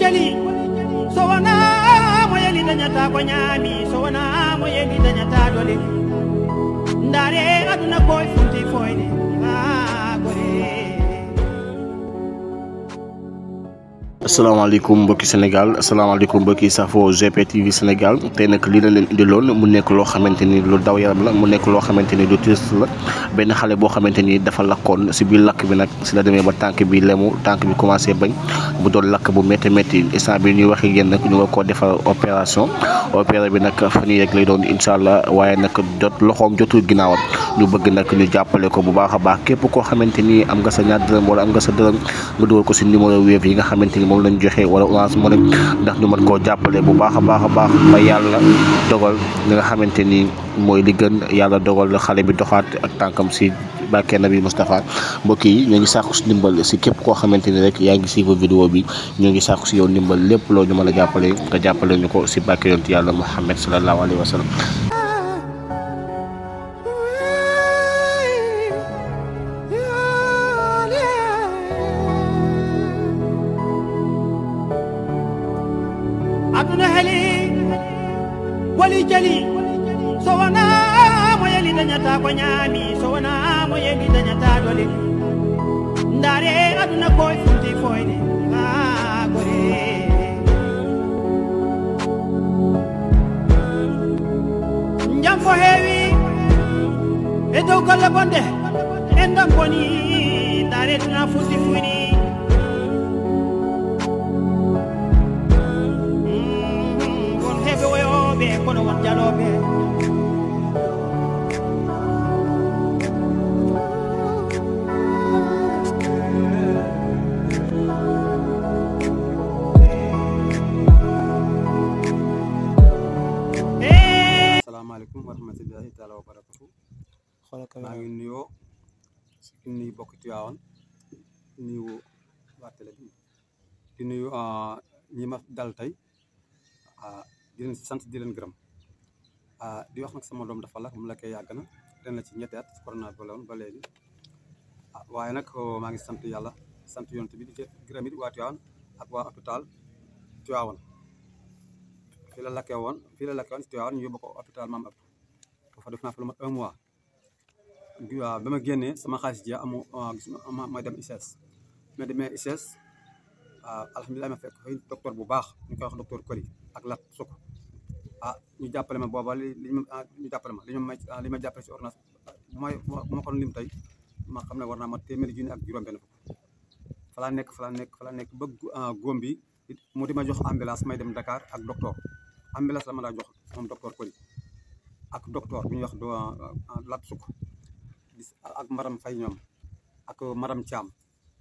jali so wonamo yeli dañata ko ñaami so wonamo yeli dañata dole ndaare aduna koye funti foyde asalaamaaleykum mbokki Sénégal asalaamaaleykum mbokki safo GP TV Sénégal tey nag lii la leen indiloon mu nekk loo xamante ni lu daw yaram la mu nekk loo xamante ni lu triste la benn xale boo xamante ni dafa lakkoon si biir lakk bi nag si la demee ba tànk bi lemu tànk bi commencé bañ bu doon lakk bu métti métti instant bi ñuy wax ak yéen ñu nga koo defal opération opéré bi nag fan yii rek lay doon incha allah waaye nag jot loxoom jotul ginnaawam ñu bëgg nag ñu jàppale ko bu baax a baax képp koo xamante ni am nga dërëm wala am nga sa dërëm nga dugal ko si numéro Wave yi nga xamante ni moom lañ joxe wala Orange Money ndax ñu man koo jàppale bu baax a baax a baax ma yàlla dogal li nga xamante ni mooy li gën yàlla dogal xale bi doxaat ak tànkam si bàkkee Nabi Moustapha mbokk yi ñoo ngi sàkku si ndimbal si képp koo xamante ni rek yaa ngi siifa vidéo bi ñoo ngi sàkku si yow ndimbal lépp loo ñu mën a jàppale nga jàppale ñu ko si bàkkee yonent yàlla Muhammad sallallahu alayhi wa sallam aduna heli woli jali so wonamo yeli dañata ko ñaami so wonamo yeli dañata dole ndaare aduna ko fulti foyde ha gore jam fo heewi e dow golle bonde en dam boni ndaare duna fulti fuyni kono won jaloɓe asalaamaaleykum wa rahmatullahi taala wa barakatu maa ngi nuyoo di nuyu bokk Tiwaawan di nuyu waa télé bi di nuyu ah, dal tey ah, di sant di leen gërëm ah, di wax nag sama doom dafa lakk mu lakkee yàgg na ren la ci ñetti at corona bi la woon ba léegi ah, waaye nag oh, maa ngi sant yàlla sant yonent bi di gërëm it waa Tivaouane ak waa hôpital Tivaouane fii la lakkee woon fii la lakkee woon si Tivaouane ñu yóbbu ko hôpital Mame Abdou foofa def naa fa lu mat un mois ba ma génnee sama xaalis ji amu ah, gis ma ma dem ICS ma demee ICS alhamdulilah ma fekk fay docteur bu baax ñu koy wax docteur Koli ak Lat Soko a ah, ñu jàppale ma booba li li ñu ah, jàppale ma li ñu may ah, li ma jàppale si ordonnance bu may bu ma kon lim tey ma xam ne war naa ma téeméeri junni ak juróom-benn fukk falaa nekk falaa nekk falaa nekk ba góom bi mu di ma jox ambulance may dem Dakar ak docteur ambulance la ma daa jox moom docteur Koli ak docteur bu ñuy wax do Lat Suk ak maram fay ñoom ak madame Thiam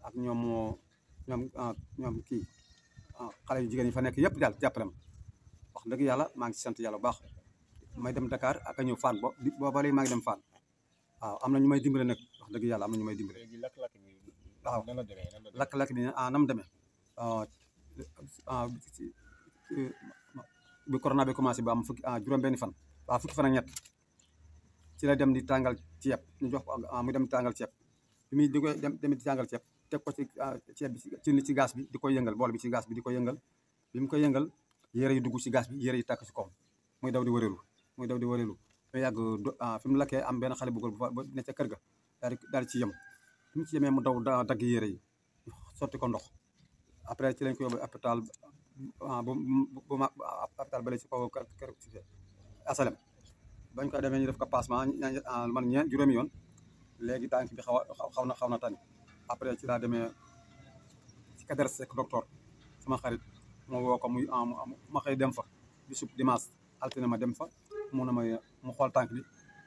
ak ñoom ñoom ñoom kii xale yu jigéen yi fa nekk yëpp daal jàppale ma wax yàlla maa ngi sant yàlla bu baax may dem Dakar ak a ñëw Fann bo booba léegi maa ngi dem Fann waaw am na ñu may dimbale nag wax dëgg yàlla am na ñu may dimbale waaw lakk-lakk bi ah nam demee ah, ah, bi corona bi commencé ba am fukki ah, juróom-benni fan waaw fan ak ñett ci la dem di tàngal ceeb ñu jox ko mu dem tàngal ceeb bi muy di koy dem dem di tàngal ceeb teg ko ci ceeb bi ci ci gas bi di koy yëngal bool bi ci gas bi di ko yëngal bi mu koy yëngal yére yi dugg si gaz bi yére yi tàkk si koom muy daw di wëreelu muy daw di wëreelu mu yàgg ah, fi mu lakkee am benn xale bu góor bu ne ca kër ga daal di daal ci yem fi mu ci yemee mu daw dagg yére yi sotti ko ndox après ci lañ ko yóbbu hôpital ah, bu bu ma ah, hôpital ba la si kaw kër asalem bañ ko demee ñu def ko passement man ñeen juróomi yoon léegi tànk bi xaw a xaw na xaw na tani après ci laa demee ci cadre sec docteur sama xarit ma woo ko mu ah, ma xëy dem fa bisub dimanche altine ma dem fa mu na ma mu xool tànk bi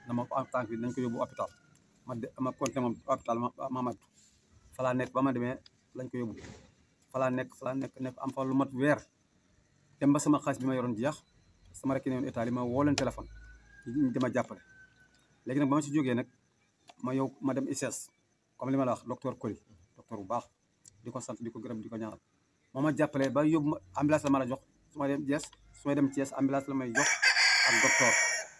na ma ah, tànk bi nañ ko yóbbu hôpital ma de ma continué moom hôpital Mamadou fa falaa nekk ba ma demee lañ ko yóbbu falaa nekk fa laa nekk nekk am fa lu mat weer dem ba sama xaalis bi ma yoroon jeex sama rek newoon état li ma woo leen téléphone ñu dama jàppale léegi nag ba ma ci jógee nag ma yow ma dem ICS comme li ma la wax docteur Coly docteur bu baax di ko sant di ko gërëm di ko ñaanal moo ma jàppale ba yóbbu ma ambulance la ma la jox su ma dem Thiès su ma dem Thiès ambulance la may jox ak docteur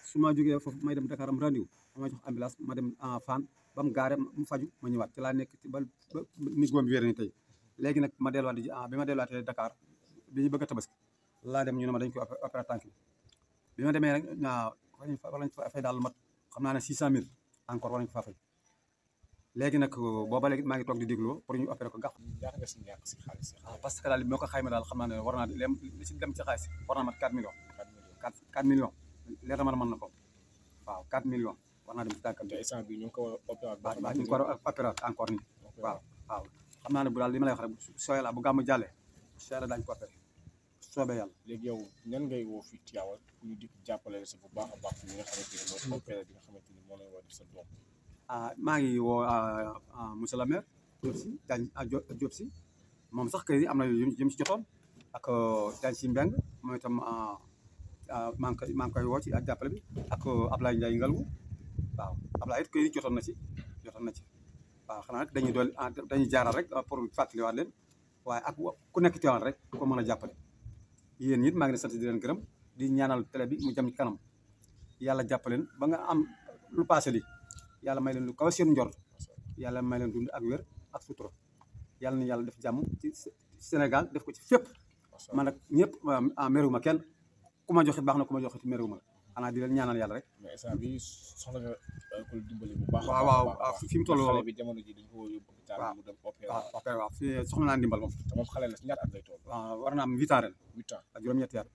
su ma jógee foofu may dem Dakar am rendiw ma jox ambulance ma dem en Fann ba mu mu faju ma ñëwaat ci laa nekk ci ba ni góom bi wér ni tey nag ma delluwaat ji ah, bi ma delluwaatee Dakar bi ñu bëgg a laa dem ñu ne ma dañ koy opéré tànk bi ma demee naa ah, war a fa fay daal mat xam naa ne 600000 encore war nañ ko faa fay léegi nag euh, booba léegi maa ngi toog di déglu pour ñu opéré ko gàpp. ñaata nga si ñàkk si ah, parce que daal moo ko xayma daal xam naa ne war naa li si dem ci xaalis war mat 4 millions. 4 millions 4 4 man na ko waaw 4 millions war naa dem si tànkam. te ko war a opéré. waaw waaw ñu a opéré ne bu daal li ma lay wax bu gàmm jàllee soo yàlla daañu ko opéré soobee yàlla. yow nan ngay woo fii Tivaouane pour ñu dikk jàppale a baax ñu nga xamante bi nga xamante ni moo sa doom Ah, maa ngi woo ah, ah, monsieur le maire Diop si daañu si moom sax kër yi am na yu mu ci jotoon ak daañu si mbeng mooy tam maa ngi koy maa woo ci ak jàppale bi ak Ablaye Ndiaye Ngalgu waaw Ablaye it kër yi na ci jotoon na ci waaw xanaa nag dañuy dool dañuy jaaral rek pour fàttaliwaat leen waaye ak ku nekk Tiwaawan rek ko mën a jàppale yéen it maa ngi leen sant di leen gërëm di ñaanal télé bi mu jam ci kanam yàlla jàppaleen ba nga am lu paase lii. yàlla may leen lu kaw seen njort yàlla may leen dund ak wér ak sutura yàlla na yàlla def jàmm ci Sénégal def ko ci fépp man nag ñëpp ah, merewuma kenn ku ma joxit baax na ku ma joxit merewuma la xanaa di leen ñaanal yàlla rek. mais instant bi soxla nga euh, ko bu baax. waaw waaw fi mu toll xale bi jamono ji dañ ko yóbbu hôpital mu dem opérer naa ndimbal moom. te moom xale la si ñaata at lay toll. waaw ah, war naa am huit juróom-ñetti at.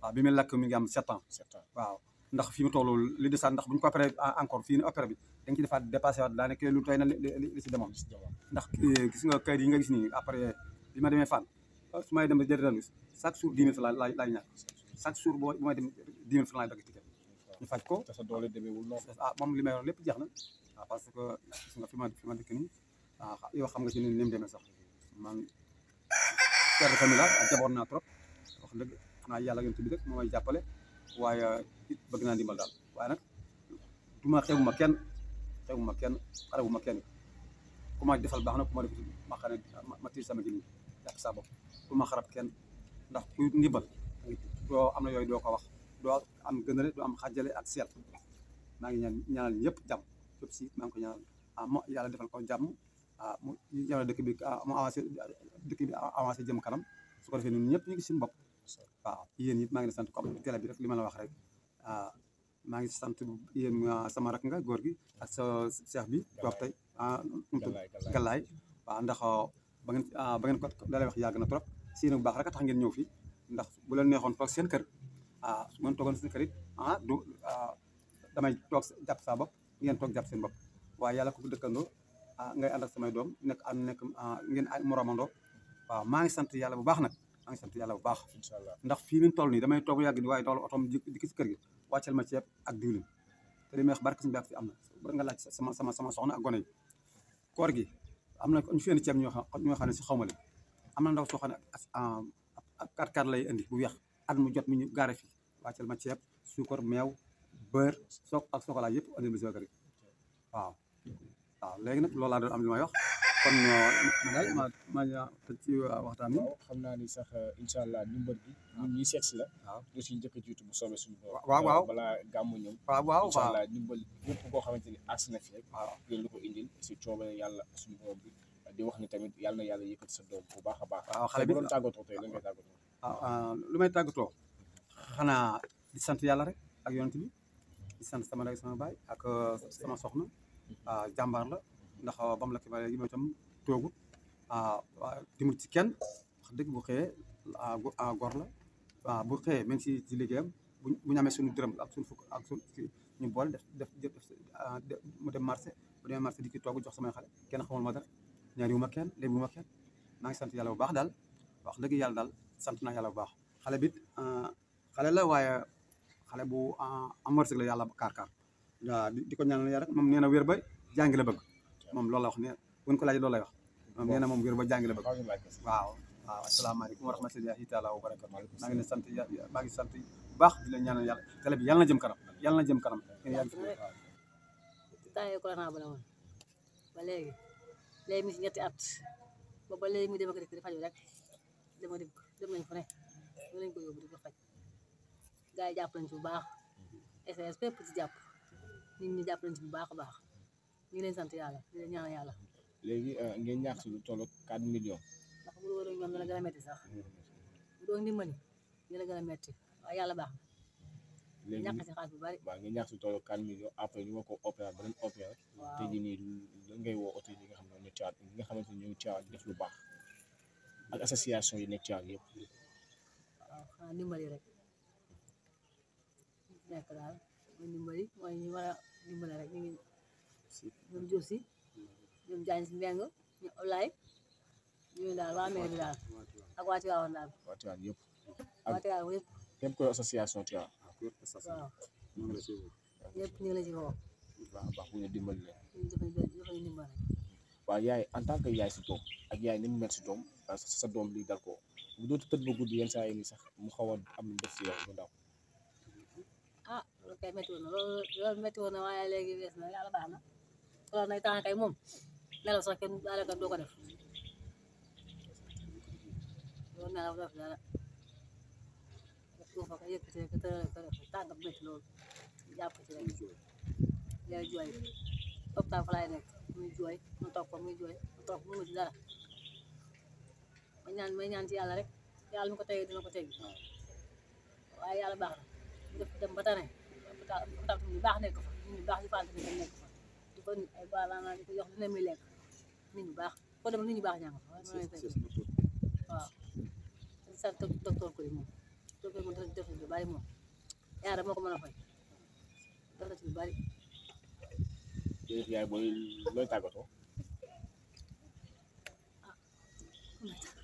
waaw bi muy lakk mi ngi am sept ans. ndax fi mu toll li desaat ndax bu ñu ko opéré encore fii ni opéré bi dañ ci defaat dépassé waat daanaka lu tey na li si demoon ndax eh, gis nga kayit yi nga gis nii après bi ma demee Fann ah, su may dem jëri ranus chaque jour dix mille francs laa laay ñàkk chaque jour dem dix mille francs laay dagg ticket ñu ah, moom li may lépp jeex na ah, parce que gis nga fi ma fi ma dëkk nii ah yow xam nga ci ni mu demee sax man père de famille laa jaboon naa trop wax dëgg xanaa yàlla yonent bi rek moo jàppale waaye it bëgg naa ndimbal daal waaye nag du ma xeebu ma kenn xeebu ma kenn xarabu ma kenn ku ma defal baax na ku ma def ma xam ne ma tiir sama jëliñ yàq bopp du ma xarab kenn ndax kuy ndimbal doo am na yooyu doo ko wax doo am gënale doo am xajale ak seet maa ngi ñaan ñaanal ñëpp jàmm yëpp si maa ko ñaanal ah mo yàlla defal ko jàmm ah mu yàlla dëkk bi ah, mu avancé dëkk bi avancé jëm kanam su ko defee ñun ñëpp ñu ngi suñu bopp waaw yéen it maa ngi sant comme télé bi rek li ma la wax rek waaw ah, maa ngi sant yéen sama rak nga góor gi ak sa seex bi toog tey ah gallaay waaw ndax ah, ba ngeen ah, ba ngeen ko dalay wax yàgg na trop si yéen baax rek a tax ngeen ñëw fi ndax bu leen neexoon toog seen kër ah su ngeen toogoon seen kër it ah du damay toog jàpp saa bopp ngeen toog jàpp seen bopp waaye yàlla ko dëkkandoo ah ngay ànd samay doom nekk am nekk ngeen ay moromandoo waaw maa ngi sant yàlla bu baax nag maa ngi sant yàlla bu baax ndax fii min toll nii damay toog yàgg ni waaye tool otom dikki si kër gi wàccal ma ceeb ak diwlin te li may wax barke suñu baax fi am na bari nga laaj sama sama soxna am na ñu fi ñoo xam ne si xaw ma leen am na ndaw soo xam ne ak kaat kaat lay indi bu weex at mu jot mi ñu gaare fii wàccal ma ceeb suukar meew beurre soog ak sokolaa yëpp indi ma si kër gi waaw waaw léegi nag loolu laa doon am li may wax kon euh, ma daal ma ma tëj ci euh, waxtaan bi. xam naa ni sax euh, incha allah ndimbal bi. Ah. ñun ñii seet si la. waaw ah. ñu si njëkk a jiitu bu soobee suñu. waaw waaw balaa gàmmu ñëw. Ah, waaw waaw incha allah ndimbal yëpp boo xamante ni as na fi rek. waaw yéen lu ko indil si coobare yàlla suñu borom bi di wax ni tamit yàlla na yàlla yëkkati sa doom bu baax a baax. waaw xale bi doon tàggatoo tey lan ngay tàggatoo. waaw lu may tàggatoo xanaa di sant yàlla rek ak yonent bi di sant sama ndey sama baay ak sama soxna mm-hmm. jàmbaar la ndax ba mu la xibaar yi moom itam ah, ci kenn bu xëyee ah, ah, gor la waaw bu xëyee même si ci bu ñu amee suñu dërëm ak suñu fukk ak suñu ñu bool def def def mu dem marché bu di ci togg jox samay xale kenn xamul ma dara ñaari wu ma kenn léegi wu ma maa sant yàlla bu baax daal wax dëgg yàlla daal sant naa yàlla bu baax xale bit xale la waaye xale bu am wërsëg la yàlla kaar kaar waaw di ko ñaanal yàlla rek moom nee na wér ba jàngi la bëgg moom loolu la wax ne buñ ko laajee loolu lay wax moom nee na moom ba jàng la bëgg waaw waaw asalaamaaleykum wa rahmatullahi taala wa barakatu maa ngi leen sant maa ngi sant baax di leen ñaanal yàlla bi yàlla na jëm kanam yàlla na jëm kanam temps yooyu corona ba la mi ñetti at ba léegi mu dem ak dëkk di faju rek dama dégg dem ñu lañ ko yóbbu di ko jàpp nañ ci bu baax SOS fépp ci jàpp nit bu baax a baax ñu ngi leen sant yàlla di leen ñaan yàlla. léegi euh, ngeen ñàkk si lu toll ak 4 millions. ndax bu dul ñoom dina a métti sax bu doon ndimbali a métti waaye yàlla na. léegi ñàkk si xaalis bu bari. waaw ngeen ñàkk si ñu war koo opérer beneen opérer. waaw nii lan ngay woo oto yi nga xam ne ñoo caawat ñi nga xamante ne ñoo caawat def lu baax ak association yi nekk caawat yëpp. mooy ñu war a rek ñoom Josi ñoom Jaañ Mbeng ñoom Olaay daal waa mairie daal ak waa daal waa yëpp ah, ñu ngi la ci yaay en tant que yaay si doom ak yaay ni mu mel si doom sa doom lii ah, dal ko bu dootu tëdd ba guddi yenn saa yi ni sax mu xaw am lu si yow bu ndaw ah loolu kay métti woon na loolu na waaye léegi baax na loolu na temps kay moom nelaw sax kenn daanaka doo ko def loolu nelaw def dara suufa ko yëkkatee ko tëral ko def tànga métti loolu jàpp ci rek yay jooy lopitaan fa laay nekk muy jooy mu toog ko muy jooy mu toog mu ma ñaan may ñaan ci yàlla rek yàlla mi ko tegee dina ko teg waaye yàlla baax na def dem ba baax nekk fa ñu baax nekk fa ci ba ay baalaanaa di ko jox dina muy lekk nit ñu baax ko dem nit ñu baax ñaa nga fa waaw moom docteur moom def na ci moom yaara moo ko mën a fay def na ci lu bari yaay booy looy tàggatoo ah.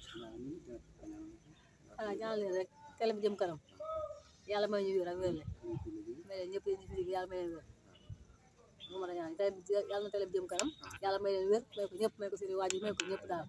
xanaa ñaan leen rek télé bi jëm kanam yàlla may ñu wér ak wér le may leen ñëpp fi liggéey yàlla may leen wér lu mën a ñaan tey yàlla na télé bi yàlla may leen may ko ñëpp may ko seen i waajur may ko ñëpp daal